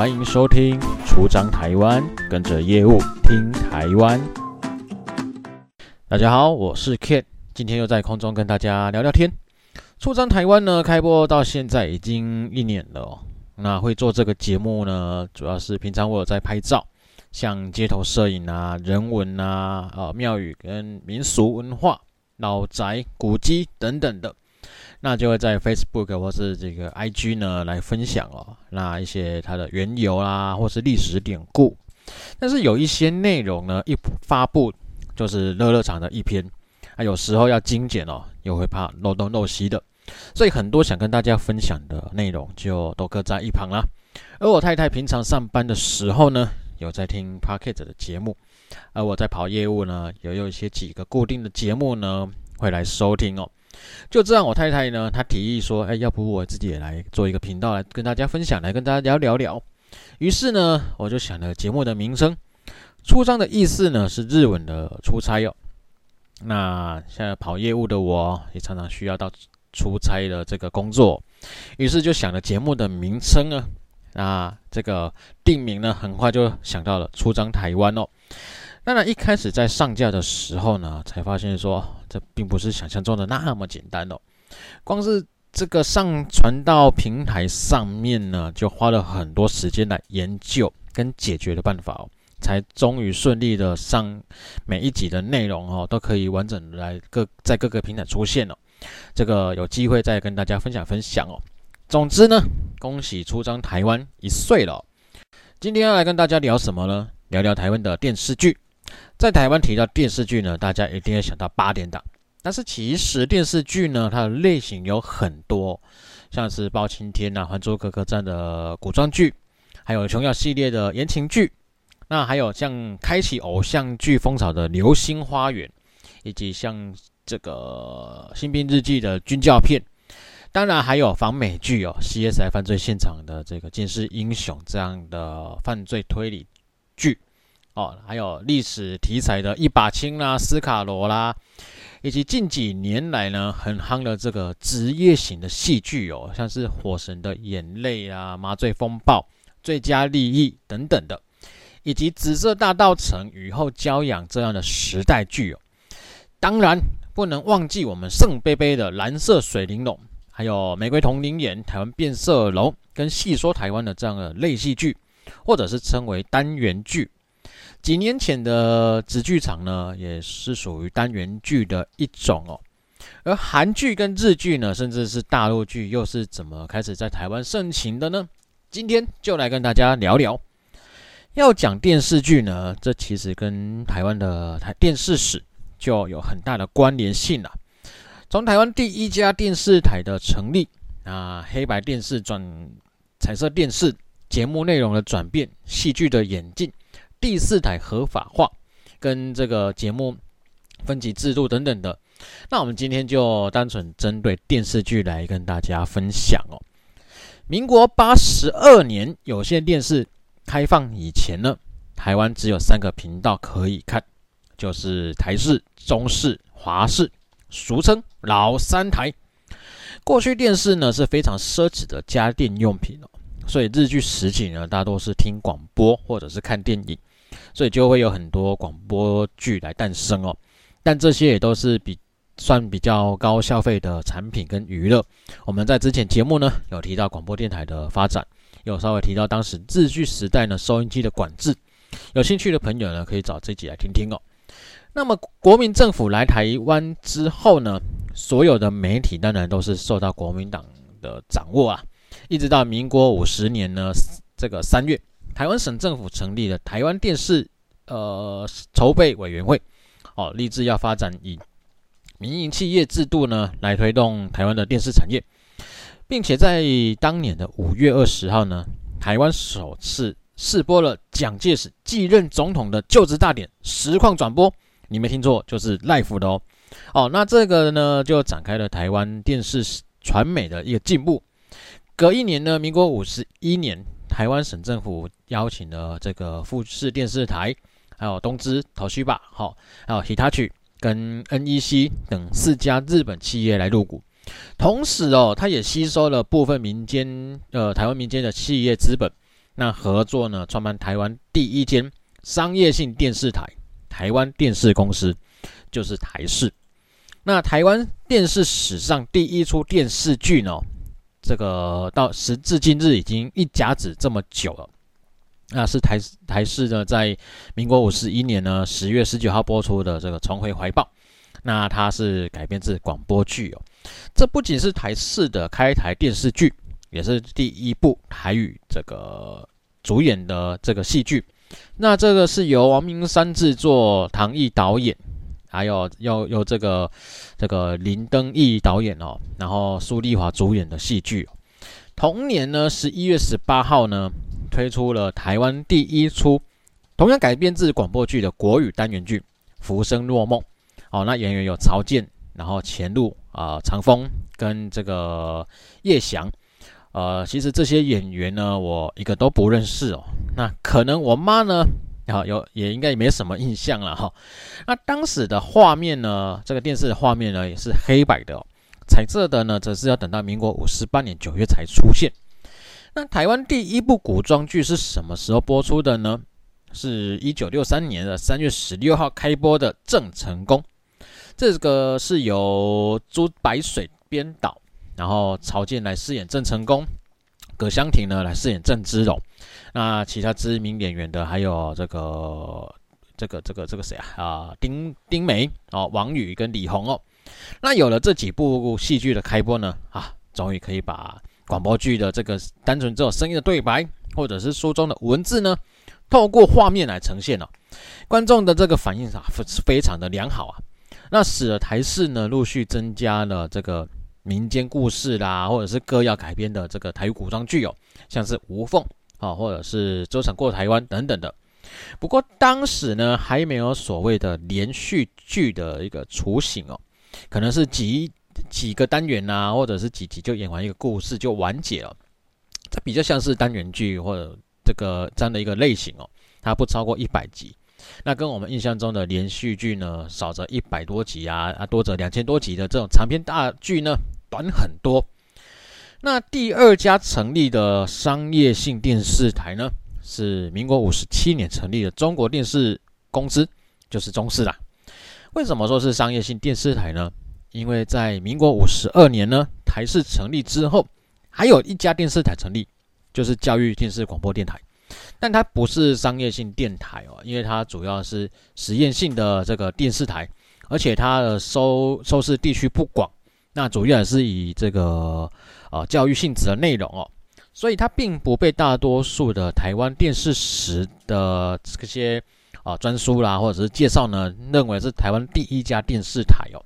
歡迎收聽《出張臺灣》，跟着業務聽臺灣。大家好，我是 Kit，今天又在空中跟大家聊聊天。《出張臺灣》呢，開播到現在已經一年了哦。那會做這個節目呢，主要是平常我有在拍照，像街頭攝影啊、人文啊、呃、啊、廟宇跟民俗文化、老宅古蹟等等的。那就會在 Facebook 或是這個 IG 呢，來分享哦，那一些它的緣由啦、啊，或是歷史典故。但是有一些內容呢，一發布就是熱熱場的一篇，啊，有時候要精簡哦，又會怕漏東漏西的，所以很多想跟大家分享的內容就都擱在一旁啦。而我太太平常上班的時候呢，有在聽 Pocket 的節目，而我在跑業務呢，也有一些幾個固定的節目呢，會來收聽哦。就這樣，我太太呢，她提議說：“誒、哎，要不我自己也來做一個頻道，來跟大家分享，來跟大家聊聊。於是呢，我就想了節目的名稱，“出張”的意思呢是日文的出差喲、哦。那現在跑業務的我也常常需要到出差的這個工作，於是就想了節目的名稱啊，那這個定名呢很快就想到了“出張台灣”哦。當然，一開始在上架的時候呢，才發現說這並不是想象中的那麼簡單哦。光是這個上傳到平台上面呢，就花了很多時間來研究跟解決的辦法哦，才終於順利的上每一集的內容哦，都可以完整來各在各個平台出現了哦。這個有機會再跟大家分享分享哦。總之呢，恭喜出張台灣一歲了哦。今天要來跟大家聊什麼呢？聊聊台灣的電視劇。在台灣提到電視劇呢，大家一定要想到八點檔。但是其實電視劇呢，它的類型有很多，像是《包青天》吶，《還珠格格》這樣的古裝劇，還有《瓊瑤》系列的言情劇。那還有像開啟偶像劇風潮的《流星花園》，以及像這個《新兵日記》的軍教片。當然還有仿美劇哦，《CSI 犯罪現場》的這個《鑑識英雄》這樣的犯罪推理劇。哦，還有歷史題材的《一把青》啦，《斯卡羅》啦，以及近幾年來呢很夯的這個職業型的戲劇哦，像是《火神的眼淚》啊，《麻醉風暴》《最佳利益》等等的，以及《紫色大稻埕》《雨後驕陽》這樣的時代劇哦。當然不能忘記我們聖杯杯的《藍色水玲瓏》，還有《玫瑰瞳鈴眼》《台灣變色龍》跟《戲說台灣》的這樣的類戲劇，或者是稱為單元劇。幾年前的直劇場呢，也是屬於單元劇的一種哦。而韓劇跟日劇呢，甚至是大陸劇，又是怎麼開始在台灣盛行的呢？今天就來跟大家聊聊。要講電視劇呢，這其實跟台灣的台電視史就有很大的關聯性了。從台灣第一家電視台的成立啊，黑白電視轉彩色電視，節目內容的轉變，戲劇的演進。第四台合法化，跟這個節目分級制度等等的，那我們今天就單純針對電視劇來跟大家分享哦。民國八十二年有線電視開放以前呢，台灣只有三個頻道可以看，就是台視、中視、華視，俗稱老三台。過去電視呢是非常奢侈的家電用品哦，所以日據時期呢，大多是聽廣播或者是看電影。所以就會有很多廣播劇來誕生哦，但這些也都是比算比較高消費的產品跟娛樂。我們在之前節目呢有提到廣播電台的發展，有稍微提到當時日治時代呢收音機的管制。有興趣的朋友呢可以找自己來聽聽哦。那麼國民政府來台灣之後呢，所有的媒體當然都是受到國民黨的掌握啊，一直到民國五十年呢這個三月。台灣省政府成立了台灣電視呃籌備委員會，哦，立志要發展以民營企業制度呢來推動台灣的電視產業，並且在當年的五月二十號呢，台灣首次試播了蔣介石繼任總統的就職大典實況轉播，你沒聽錯，就是 live 的哦。哦，那這個呢就展開了台灣電視傳媒的一個進步。隔一年呢，民國五十一年，台灣省政府。邀請了這個富士電視台，還有東芝、Toshiba，還有 Hitachi 跟 NEC 等四家日本企業來入股。同時哦，它也吸收了部分民間，呃，台灣民間的企業資本。那合作呢，創辦台灣第一間商業性電視台——台灣電視公司，就是台視。那台灣電視史上第一出電視劇呢，這個到時至今日已經一甲子這麼久了。那是台台視呢，在民國五十一年呢十月十九號播出的這個《重回懷抱》，那它是改編自廣播劇哦。這不僅是台視的開台電視劇，也是第一部台語這個主演的這個戲劇。那這個是由王明山製作、唐毅導演，還有有有這個這個林登義導演哦，然後蘇麗華主演的戲劇哦。同年呢，十一月十八號呢。推出了台灣第一齣同樣改編自廣播劇的國語單元劇《浮生若夢》。哦，那演員有曹健，然後錢璐，啊、呃、長風跟這個葉翔。呃，其實這些演員呢，我一個都不認識哦。那可能我媽呢，啊，有也應該也沒什麼印象了哈、哦。那當時的畫面呢，這個電視的畫面呢，也是黑白的、哦。彩色的呢，則是要等到民國五十八年九月才出現。那台灣第一部古裝劇是什麼時候播出的呢？是一九六三年的三月十六號開播的《鄭成功》，這個是由朱白水編導，然後曹健來飾演鄭成功，葛香亭呢來飾演鄭芝龍。那其他知名演員的還有這個、這個、這個、這個誰啊？啊，丁丁梅哦、啊，王宇跟李紅哦。那有了這幾部戲劇的開播呢，啊，終於可以把。廣播劇的這個單純這種聲音的對白，或者是書中的文字呢，透過畫面來呈現了哦，觀眾的這個反應啊，非非常的良好啊，那使得台視呢陸續增加了這個民間故事啦，或者是歌謠改編的這個台語古裝劇哦，像是《吳鳳》啊，或者是《周成過台灣》等等的。不過當時呢，還沒有所謂的連續劇的一個雛形哦，可能是集。幾個單元啊，或者是幾集就演完一個故事就完結了，這比較像是單元劇或者這個這樣的一個類型哦。它不超過一百集，那跟我們印象中的連續劇呢，少則一百多集啊啊，多則兩千多集的這種長篇大劇呢，短很多。那第二家成立的商業性電視台呢，是民國五十七年成立的中國電視公司，就是中視啦。為什麼說是商業性電視台呢？因為在民國五十二年呢，台視成立之後，還有一家電視台成立，就是教育電視廣播電台，但它不是商業性電台哦，因為它主要是實驗性的這個電視台，而且它的收收視地區不廣，那主要也是以這個呃教育性質的內容哦，所以它並不被大多數的台灣電視史的這些啊、呃、專書啦或者是介紹呢，認為是台灣第一家電視台哦。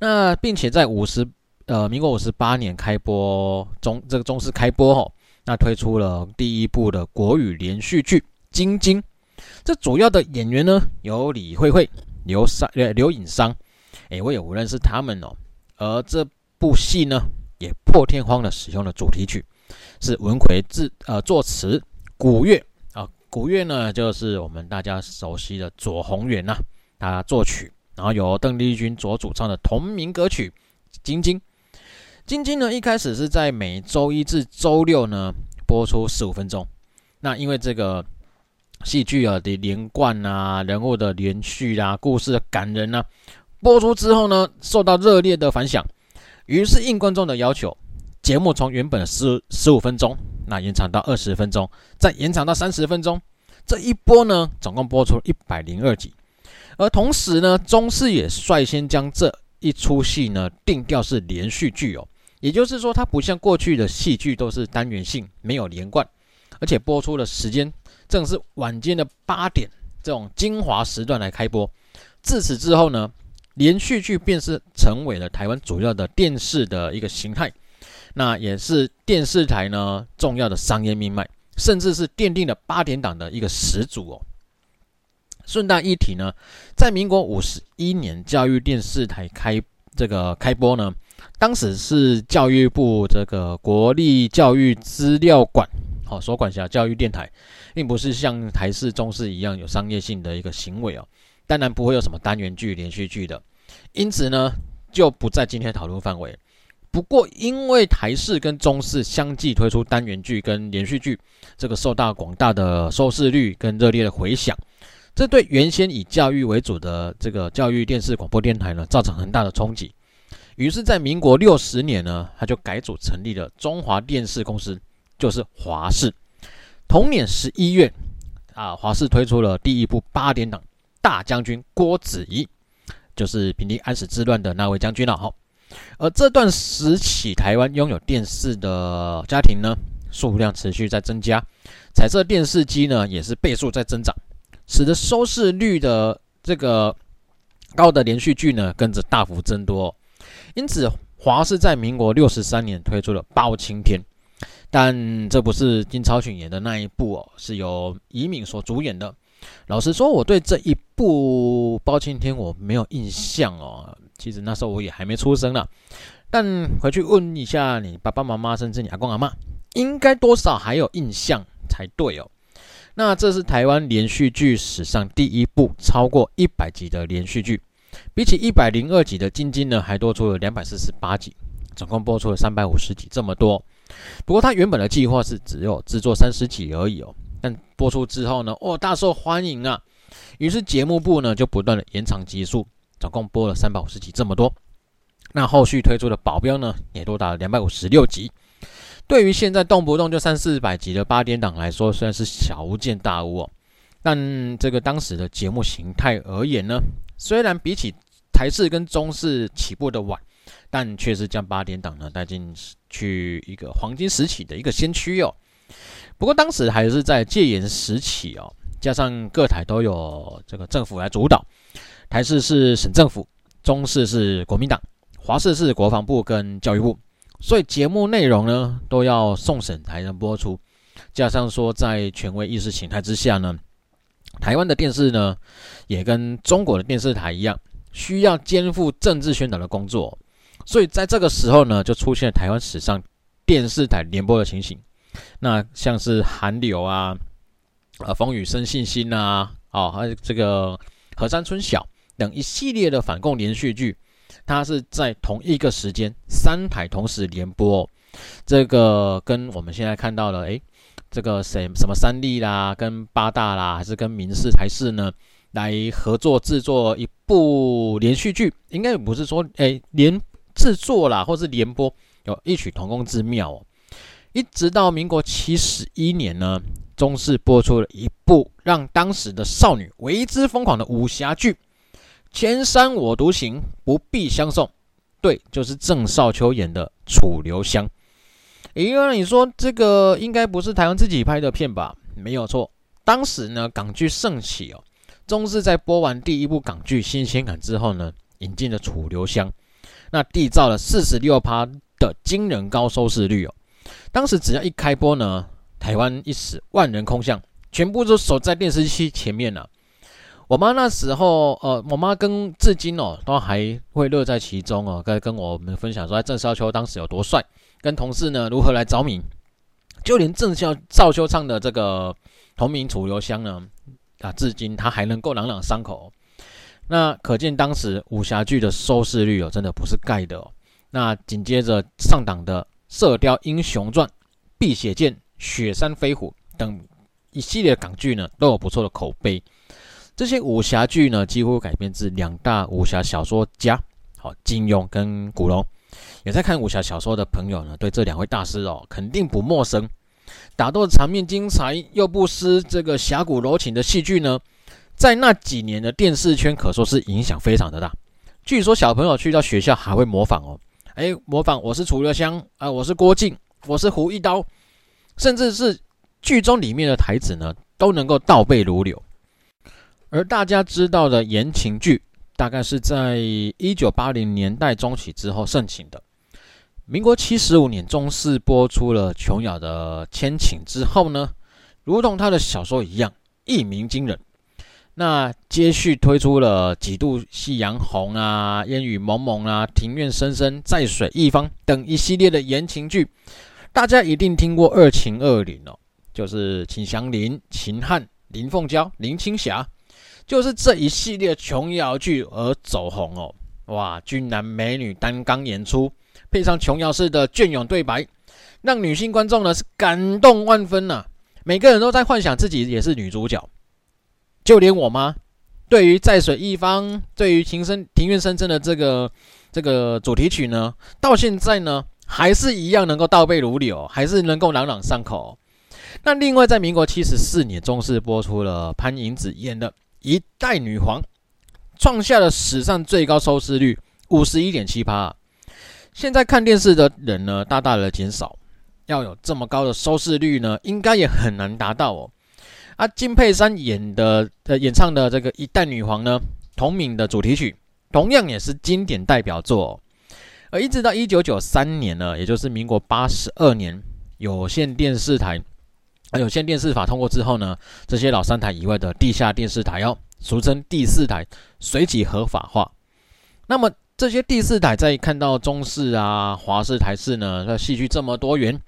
那並且在五十，呃，民國五十八年開播中，這個中視開播吼，哦，那推出了第一部的國語連續劇《晶晶》，這主要的演員呢有李慧慧、劉商、劉引商，哎，我也不認識他們哦。而這部戲呢，也破天荒的使用了主題曲，是文魁志，呃作詞，古月，啊，古月呢就是我們大家熟悉的左宏元吶，啊，他作曲。然後由鄧麗君所主唱的同名歌曲《晶晶》。《晶晶》呢，一開始是在每周一至周六呢播出十五分鐘。那因為這個戲劇啊的連貫啊、人物的連續啊、故事的感人啊，播出之後呢，受到熱烈的反響。於是應觀眾的要求，節目從原本的十十五分鐘，那延長到二十分鐘，再延長到三十分鐘。這一波呢，總共播出一百零二集。而同時呢，中視也率先將這一出戲呢定調是連續劇哦，也就是說它不像過去的戲劇都是單元性，沒有連貫，而且播出的時間正是晚間的八點這種精華時段來開播。自此之後呢，連續劇便是成為了台灣主要的電視的一個形態，那也是電視台呢重要的商業命脈，甚至是奠定了八點檔的一個始祖哦。順帶一提呢，在民國五十一年，教育電視台開這個開播呢，當時是教育部這個國立教育資料館好、哦、所管轄教育電台，並不是像台視、中視一樣有商業性的一個行為哦。當然不會有什麼單元劇、連續劇的，因此呢，就不在今天討論範圍。不過，因為台視跟中視相繼推出單元劇跟連續劇，這個受到廣大的收視率跟熱烈的回響。這對原先以教育為主的這個教育電視廣播電台呢，造成很大的衝擊。於是，在民國六十年呢，他就改組成立了中華電視公司，就是華視。同年十一月，啊，華視推出了第一部八點檔《大將軍郭子儀》，就是平定安史之亂的那位將軍了。哈，而這段時期，台灣擁有電視的家庭呢，數量持續在增加，彩色電視機呢，也是倍數在增長。使得收視率的這個高的連續劇呢，跟着大幅增多哦。因此，華視在民國六十三年推出了《包青天》，但這不是金超群演的那一部哦，是由儀銘所主演的。老實說，我對這一部《包青天》我沒有印象哦，其實那時候我也還沒出生呢。但回去問一下你爸爸媽媽甚至你阿公阿媽，應該多少還有印象才對哦。那這是台灣連續劇史上第一部超過一百集的連續劇，比起一百零二集的《晶晶》呢，還多出了兩百四十八集，總共播出了三百五十集這麼多。不過他原本的計劃是只有制作三十集而已哦，但播出之後呢，哦，大受歡迎啊，於是節目部呢就不斷的延長集數，總共播了三百五十集這麼多。那後續推出的《保鏢》呢，也多達了兩百五十六集。對於現在動不動就三四百集的八點檔來說，雖然是小巫見大巫哦，但這個當時的節目形態而言呢，雖然比起台視跟中視起步的晚，但卻是將八點檔呢帶進去一個黃金時期的一個先驅哦。不過當時還是在戒嚴時期哦，加上各台都有這個政府來主導，台視是省政府，中視是國民黨，華視是國防部跟教育部。所以節目內容呢，都要送審才能播出。加上說，在權威意識形態之下呢，台灣的電視呢，也跟中國的電視台一樣，需要肩負政治宣導的工作。所以在這個時候呢，就出現了台灣史上電視台聯播的情形。那像是《寒流》啊、啊《風雨生信心》啊、哦還有這個《河山春曉》等一系列的反共連續劇。他是在同一個時間，三台同時聯播哦。這個跟我們現在看到的，誒，這個誰什麼三立啦，跟八大啦，還是跟民視台視呢，來合作制作一部連續劇，應該也不是說誒，連制作啦，或是聯播有異曲同工之妙哦。一直到民國七十一年呢，中視播出了一部讓當時的少女為之瘋狂的武俠劇。千山我獨行，不必相送。對，就是鄭少秋演的《楚留香》。咦，那你說這個應該不是台灣自己拍的片吧？沒有錯，當時呢港劇盛起哦，中視在播完第一部港劇《新鮮感》之後呢，引進了《楚留香》，那締造了四十六趴的驚人高收視率哦。當時只要一開播呢，台灣一時，萬人空巷，全部都守在電視機前面呢、啊。我媽那時候，呃，我媽跟至今哦，都還會樂在其中哦，跟跟我們分享說鄭少秋當時有多帥，跟同事呢如何來着迷，就連鄭少少秋唱的這個同名《楚留香》呢，啊，至今他還能夠朗朗上口。那可見當時武俠劇的收視率哦，真的不是蓋的哦。那緊接着上檔的《射鵰英雄傳》《碧血劍》《雪山飛狐》等一系列港劇呢，都有不錯的口碑。這些武俠劇呢，幾乎改編自兩大武俠小說家，好，金庸跟古龍。也在看武俠小說的朋友呢，對這兩位大師哦，肯定不陌生。打鬥場面精彩又不失這個俠骨柔情的戲劇呢，在那幾年的電視圈可說是影響非常的大。據說小朋友去到學校還會模仿哦，哎，模仿我是楚留香啊、呃，我是郭靖，我是胡一刀，甚至是劇中裡面的台詞呢，都能夠倒背如流。而大家知道的言情劇，大概是在一九八零年代中期之後盛行的。民國七十五年，中視播出了瓊瑤的《千情》之後呢，如同他的小說一樣，一鳴驚人。那接續推出了《幾度夕陽紅》啊，《煙雨濛濛》啊，《庭院深深》在水一方等一系列的言情劇，大家一定聽過《二秦二林》哦，就是秦祥林、秦漢、林鳳嬌、林青霞。就是這一系列瓊瑤劇而走紅哦，哇，俊男美女擔綱演出，配上瓊瑤式的雋永對白，讓女性觀眾呢是感動萬分吶、啊。每個人都在幻想自己也是女主角，就連我媽，對於《在水一方》對、對於《情深庭院深深》的這個這個主題曲呢，到現在呢還是一樣能夠倒背如流，還是能夠朗朗上口。那另外，在民國七十四年，中視播出了潘迎紫演的。《一代女皇》創下了史上最高收視率五十一點七八。現在看電視的人呢，大大的減少。要有這麼高的收視率呢，應該也很難達到哦。啊，金佩珊演的、呃，演唱的這個《一代女皇》呢，同名的主題曲，同樣也是經典代表作哦。而一直到一九九三年呢，也就是民國八十二年，有線電視台。啊、有線電視法通過之後呢，這些老三台以外的地下電視台哦，俗稱第四台，隨即合法化。那麼這些第四台在看到中視啊、華視、台視呢，那戲劇這麼多元，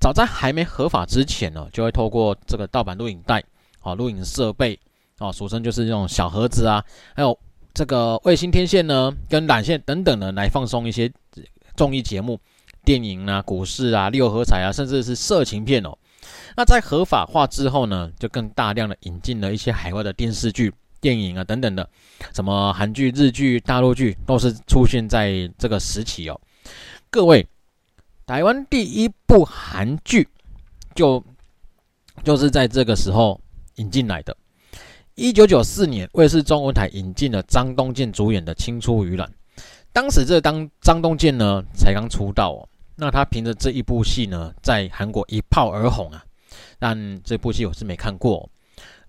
早在還沒合法之前哦，就會透過這個盜版錄影帶、啊錄影設備、啊俗稱就是這種小盒子啊，還有這個衛星天線呢，跟纜線等等呢，來放鬆一些綜藝節目、電影啊、股市啊、六合彩啊，甚至是色情片哦。那在合法化之後呢，就更大量的引進了一些海外的電視劇、電影啊等等的，什麼韓劇、日劇、大陸劇都是出現在這個時期哦。各位，台灣第一部韓劇就就是在這個時候引進來的。一九九四年，衛視中文台引進了張東健主演的《青出於藍》，當時這當張東健呢才剛出道哦，那他憑着這一部戲呢，在韓國一炮而紅啊。但這部戲我是沒看過哦，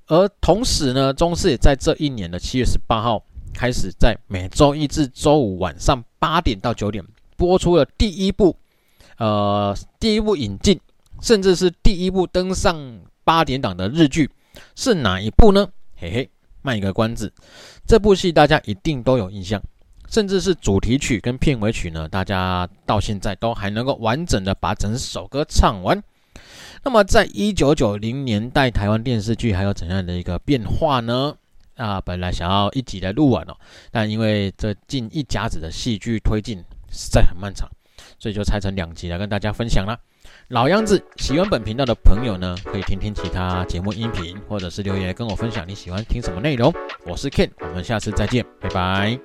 而同時呢，中視也在這一年的七月十八號開始，在每周一至周五晚上八點到九點播出了第一部，呃，第一部引進，甚至是第一部登上八點檔的日劇是哪一部呢？嘿嘿，賣一個關子，這部戲大家一定都有印象，甚至是主題曲跟片尾曲呢，大家到現在都還能夠完整的把整首歌唱完。那麼，在一九九零年代，台灣電視劇還有怎樣的一個變化呢？啊，本來想要一集來錄完哦，但因為這近一甲子的戲劇推進實在很漫長，所以就拆成兩集來跟大家分享啦。老樣子，喜歡本頻道的朋友呢，可以聽聽其他節目音頻，或者是留言跟我分享你喜歡聽什麼內容。我是 Ken，我們下次再見，拜拜。